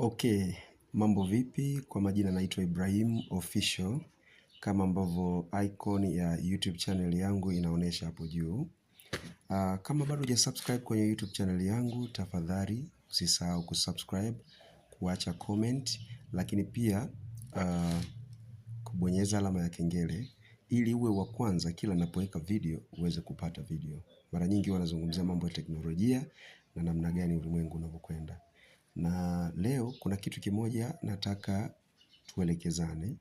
Okay, mambo vipi? Kwa majina naitwa Ibrahim Official, kama ambavyo icon ya YouTube channel yangu inaonyesha hapo juu. Uh, kama bado hujasubscribe kwenye YouTube channel yangu, tafadhali usisahau kusubscribe, kuacha comment, lakini pia uh, kubonyeza alama ya kengele ili uwe wa kwanza kila napoweka video uweze kupata video. Mara nyingi wanazungumzia mambo ya teknolojia na namna gani ulimwengu unavyokwenda. Na leo kuna kitu kimoja nataka tuelekezane.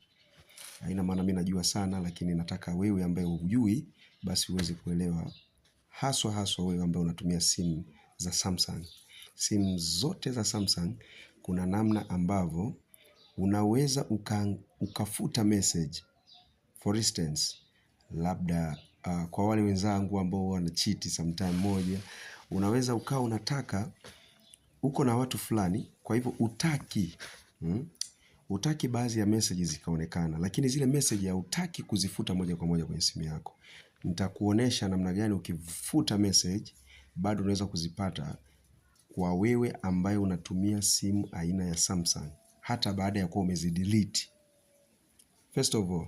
Haina maana mimi najua sana lakini nataka wewe ambaye hujui basi uweze kuelewa haswa haswa wewe ambaye unatumia simu za Samsung. Simu zote za Samsung kuna namna ambavyo unaweza uka, ukafuta message for instance labda uh, kwa wale wenzangu ambao wanachiti sometime moja unaweza ukawa unataka uko na watu fulani, kwa hivyo utaki mm, utaki baadhi ya message zikaonekana, lakini zile message hautaki kuzifuta moja kwa moja kwenye simu yako. Nitakuonesha namna gani ukifuta message bado unaweza kuzipata kwa wewe ambaye unatumia simu aina ya Samsung hata baada ya kuwa umezidelete. First of all,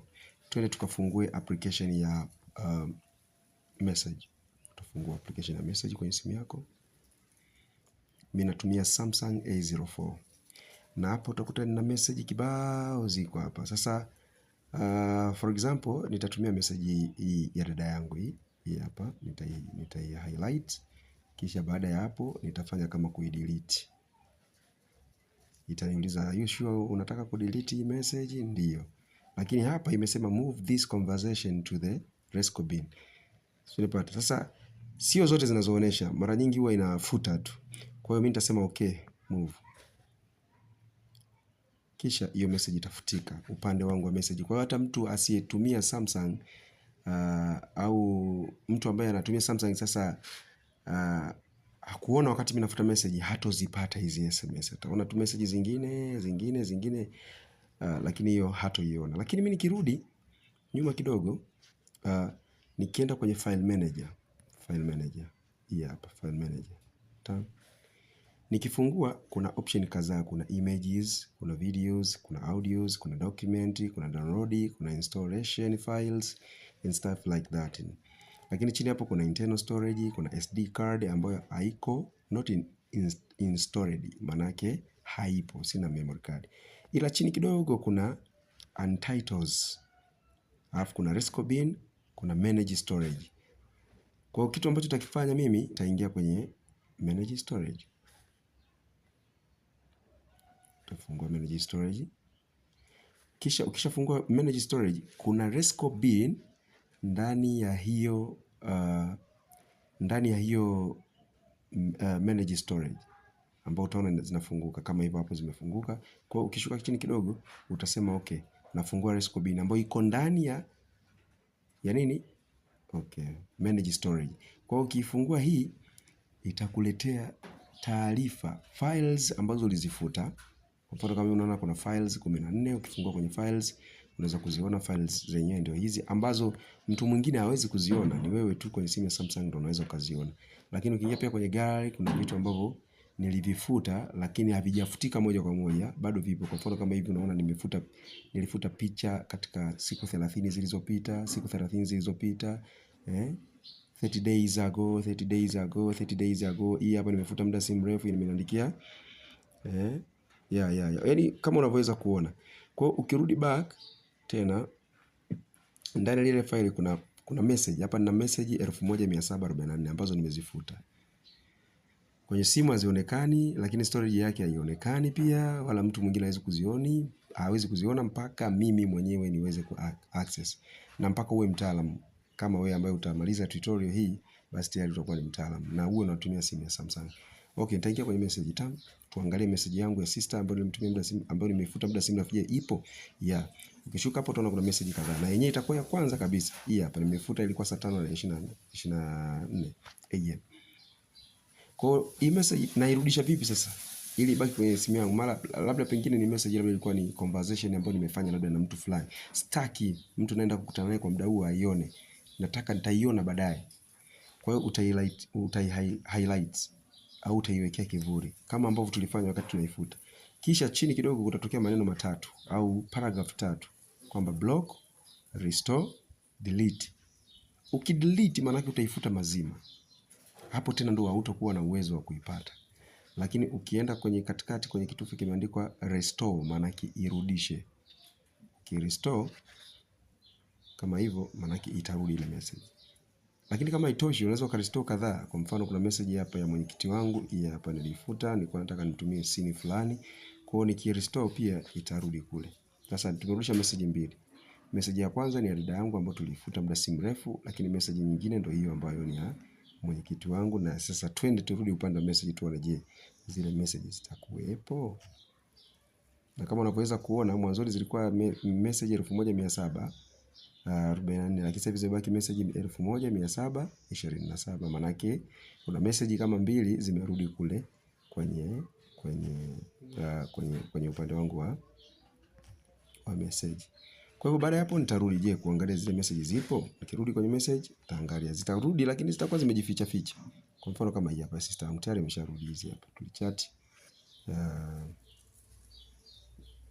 twende tukafungue application ya um, message. Utafungua application ya message kwenye simu yako mi natumia Samsung A04 na hapo utakuta nina message kibao ziko hapa. Sasa uh, for example nitatumia message hii ya dada yangu hii hii hapa, nitai nitai highlight, kisha baada ya hapo nitafanya kama kuidelete. Itaniuliza are you sure unataka kudelete hii message? Ndio, lakini hapa imesema move this conversation to the recycle bin. Sasa sio zote zinazoonesha, mara nyingi huwa inafuta tu. Kwa hiyo mimi nitasema okay move. Kisha hiyo message itafutika upande wangu wa message. Kwa hiyo hata mtu asiyetumia Samsung uh, au mtu ambaye anatumia Samsung sasa uh, hakuona wakati mimi nafuta message, hatozipata hizi SMS. Ataona tu message zingine zingine zingine uh, lakini hiyo hatoiona. Lakini mimi nikirudi nyuma kidogo uh, nikienda kwenye file manager, file manager hii hapa file manager Tam. Nikifungua kuna option kadhaa, kuna images, kuna videos, kuna audios, kuna document, kuna download, kuna installation files and stuff like that. Lakini chini hapo kuna internal storage, kuna SD card ambayo haiko not in, in, in storage, manake haipo, sina memory card. Ila chini kidogo kuna untitles, alafu kuna resco bin, kuna manage storage. Kwa kitu ambacho takifanya mimi, taingia kwenye manage storage. Tafungua manage storage. Kisha ukishafungua manage storage, kuna Resco bin ndani ya hiyo uh, ndani ya hiyo uh, manage storage ambao utaona zinafunguka kama hivyo, hapo zimefunguka. Kwa ukishuka chini kidogo, utasema okay, nafungua Resco bin ambayo iko ndani ya ya nini? Okay, manage storage. Kwa ukifungua hii itakuletea taarifa files ambazo ulizifuta kwa mfano kama unaona kuna files 14, ukifungua kwenye files unaweza kuziona files zenyewe ndio hizi ambazo mtu mwingine hawezi kuziona, ni wewe tu kwenye simu ya Samsung ndio unaweza kuziona. Lakini ukiingia pia kwenye gallery kuna vitu ambavyo nilivifuta lakini havijafutika moja kwa moja, bado vipo. Kwa mfano kama hivi unaona nimefuta nilifuta picha katika siku 30 zilizopita, siku 30 zilizopita, eh? 30 days ago, 30 days ago, 30 days ago. Hii hapa nimefuta muda si mrefu, nimeandikia eh yeah, yeah, yeah. Yani kama unavyoweza kuona. Kwa ukirudi back tena ndani ya ile faili kuna kuna message. Hapa nina message 1744 ambazo nimezifuta. Kwenye simu hazionekani, lakini storage yake haionekani pia, wala mtu mwingine hawezi kuzioni, hawezi kuziona mpaka mimi mwenyewe niweze ku access na mpaka uwe mtaalam kama wewe ambaye utamaliza tutorial hii, basi tayari utakuwa ni mtaalam na uwe unatumia simu ya Samsung. Okay, nitaingia kwenye message tamu, tuangalie message yangu ya sister ambayo nilimtumia muda simu ambayo nimeifuta muda simu nafikia ipo. ya Yeah. Ukishuka hapo utaona kuna message kadhaa. Na yenyewe itakuwa ya kwanza kabisa. Hii yeah, hapa nimeifuta ilikuwa saa 5 na 24 AM. Kwa hii message nairudisha vipi sasa? Ili ibaki kwenye simu yangu mara labda pengine ni message labda ilikuwa ni conversation ambayo nimefanya labda na mtu fulani. Sitaki mtu naenda kukutana naye kwa muda huo aione. Nataka nitaiona baadaye. Kwa hiyo utai highlight utai highlight au utaiwekea kivuli kama ambavyo tulifanya wakati tunaifuta. Kisha chini kidogo kutatokea maneno matatu au paragraph tatu kwamba block, restore, delete. Ukidelete maana yake utaifuta mazima. Hapo tena ndo hautakuwa na uwezo wa kuipata. Lakini ukienda kwenye katikati kwenye kitufe kimeandikwa restore, maana yake irudishe. Ki restore kama hivyo, maana yake itarudi ile message. Lakini kama haitoshi unaweza ukarestore kadhaa. Kwa mfano kuna message hapa ya mwenyekiti wangu, hii hapa nilifuta, nilikuwa nataka nitumie sini fulani. Kwa hiyo nikirestore pia itarudi kule. Sasa tumerudisha message mbili. Message ya kwanza ni ya dada yangu ambayo tulifuta muda si mrefu, lakini message nyingine ndio hiyo ambayo ni ya mwenyekiti wangu. Na sasa twende turudi upande wa message, tuone je, zile messages zitakuwepo. Na kama unavyoweza kuona mwanzoni zilikuwa me, message elfu moja mia saba na 44 lakini sasa hivi zimebaki na saba manake kuna meseji kama mbili zimerudi kule kwenye kwenye uh, kwenye, kwenye upande wangu wa wa message. Kwa hivyo baada ya hapo nitarudi, je, kuangalia zile message zipo? Nikirudi kwenye message nitaangalia, zitarudi lakini zitakuwa zimejificha ficha. Kwa mfano kama hii hapa, sister wangu tayari imesharudi hizi hapa, tulichat uh,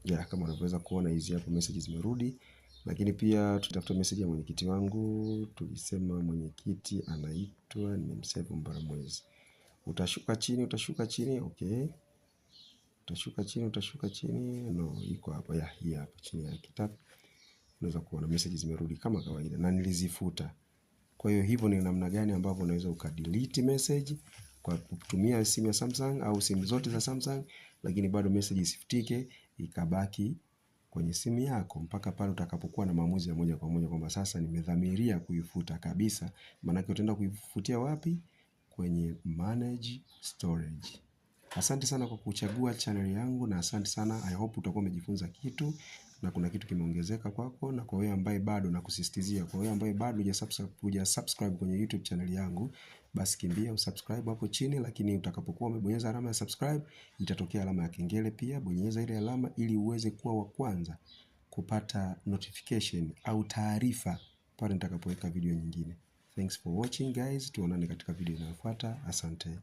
ya kama unavyoweza kuona hizi hapa message zimerudi. Lakini pia tutafuta meseji ya mwenyekiti wangu, tulisema mwenyekiti anaitwa, ni nimemsave Mbaramwezi. Utashuka chini, utashuka chini, okay. Utashuka chini, utashuka chini, no, iko hapa ya hii hapa chini ya kitap. Unaweza kuona meseji zimerudi kama kawaida na nilizifuta. Kwa hiyo hivyo ni namna gani ambavyo unaweza ukadelete message kwa kutumia simu ya Samsung au simu zote za Samsung, lakini bado message isifutike ikabaki kwenye simu yako mpaka pale utakapokuwa na maamuzi ya moja kwa moja kwamba sasa nimedhamiria kuifuta kabisa. maanake utaenda kuifutia wapi? Kwenye manage storage. Asante sana kwa kuchagua channel yangu na asante sana. I hope utakuwa umejifunza kitu na kuna kitu kimeongezeka kwako, na kwa wewe ambaye bado kusisitizia kwa wewe ambaye bado hujasubscribe kwenye YouTube channel yangu, basi kimbia usubscribe hapo chini, lakini utakapokuwa umebonyeza alama ya subscribe, itatokea alama ya kengele pia, bonyeza ile alama ili uweze kuwa wa kwanza kupata notification au taarifa pale nitakapoweka video nyingine. Thanks for watching guys, tuonane katika video inayofuata. Asante.